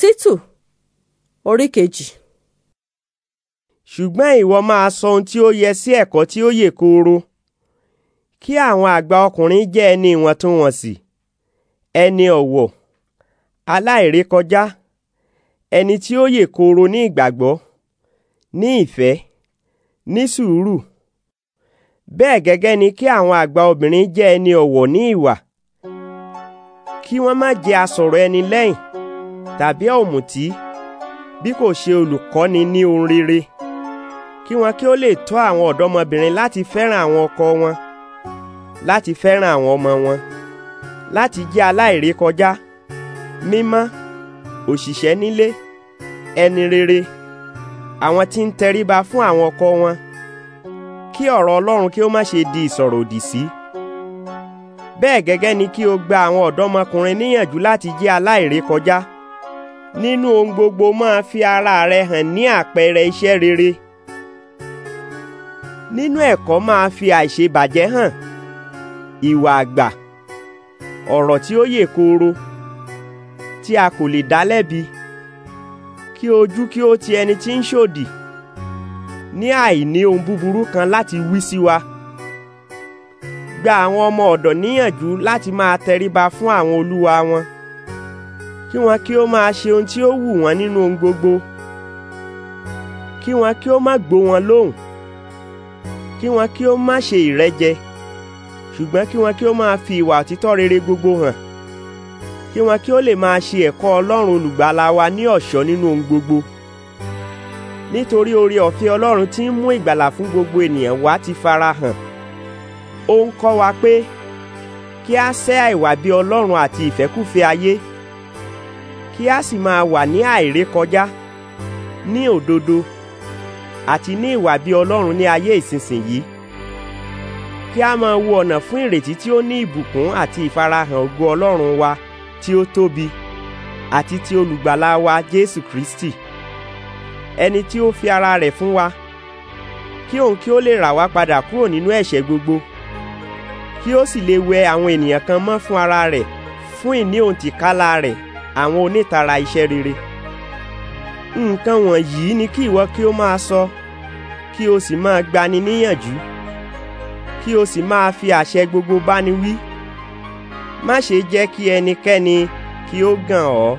títù orí kejì. ṣùgbọ́n ìwọ máa sọ ohun tí ó yẹ sí ẹ̀kọ́ tí ó yè kooro kí àwọn àgbà ọkùnrin jẹ́ ẹni ìwọ̀ntúnwọ̀nsì ẹni ọ̀wọ̀ aláìrékọjá ẹni tí ó yè kooro ní ìgbàgbọ́ ní ìfẹ́ ní sùúrù bẹ́ẹ̀ gẹ́gẹ́ ni kí àwọn àgbà obìnrin jẹ́ ẹni ọ̀wọ̀ ní ìwà kí wọ́n má jẹ́ asọ̀rọ̀ ẹni lẹ́yìn tàbí ọ̀mùtí bí kò ṣe olùkọ́ni ní ohun rere kí wọn kí ó lè tọ́ àwọn ọ̀dọ́mọbìnrin láti fẹ́ràn àwọn ọkọ wọn láti fẹ́ràn àwọn ọmọ wọn láti jẹ́ aláìrékọjá mímọ́ òṣìṣẹ́ nílé ẹni rere àwọn tí ń tẹríba fún àwọn ọkọ wọn kí ọ̀rọ̀ Ọlọ́run kí ó má ṣe di ìsọ̀rọ̀ òdì sí bẹ́ẹ̀ gẹ́gẹ́ ni kí o gba àwọn ọ̀dọ́mọkùnrin níyànjú láti jẹ́ aláìrékọjá nínú ohun gbogbo máa fi ara rẹ hàn ní àpẹẹrẹ iṣẹ́ rere nínú ẹ̀kọ́ máa fi àìṣebàjẹ́ hàn ìwà àgbà ọ̀rọ̀ tí ó yè kooro tí a kò lè dá lẹ́bi kí ojú kí ó ti ẹni tí ń ṣòdì ní àìní ohun búburú kan láti wí sí wa gba àwọn ọmọ ọ̀dọ̀ níyànjú láti máa tẹríba fún àwọn olúwa wọn kí wọn kí ó máa ṣe ohun tí ó wù wọn nínú ohun gbogbo kí wọn kí ó má gbó wọn lóhùn kí wọn kí ó má ṣe ìrẹ́jẹ ṣùgbọ́n kí wọn kí ó máa fi ìwà òtítọ́ rere gbogbo hàn kí wọn kí ó lè máa ṣe ẹ̀kọ́ Ọlọ́run olùgbàlà wa ní ọ̀ṣọ́ nínú ohun gbogbo nítorí oore ọ̀fẹ́ Ọlọ́run tí ń mú ìgbàlà fún gbogbo ènìyàn wá ti fara hàn ó ń kọ́ wa pé kí a sẹ́ àìwà bí Ọlọ́run àti ìfẹ́kúfẹ́ ayé kí a sì máa wà ní àìrékọjá ní òdodo àti ní ìwà bí Ọlọ́run ní ayé ìsinsìnyí kí a máa wo ọ̀nà fún ìrètí tí ó ní ìbùkún àti ìfarahàn ògo Ọlọ́run wa tí ó tóbi àti ti olùgbàlà wa Jésù Kristi ẹni tí ó fi ara rẹ̀ fún wa kí òun kí ó lè rà wá padà kúrò nínú ẹ̀ṣẹ̀ gbogbo kí ó sì lè wẹ àwọn ènìyàn kan mọ́ fún ara rẹ̀ fún ìní òǹtìkálá rẹ̀ àwọn onítara iṣẹ́ rere nǹkan wọ̀nyí ni kí ìwọ kí o máa sọ kí o sì máa gbani níyànjú kí o sì máa fi àṣẹ gbogbo báni wí má ṣe jẹ́ kí ẹnikẹ́ni kí ó gàn ọ́.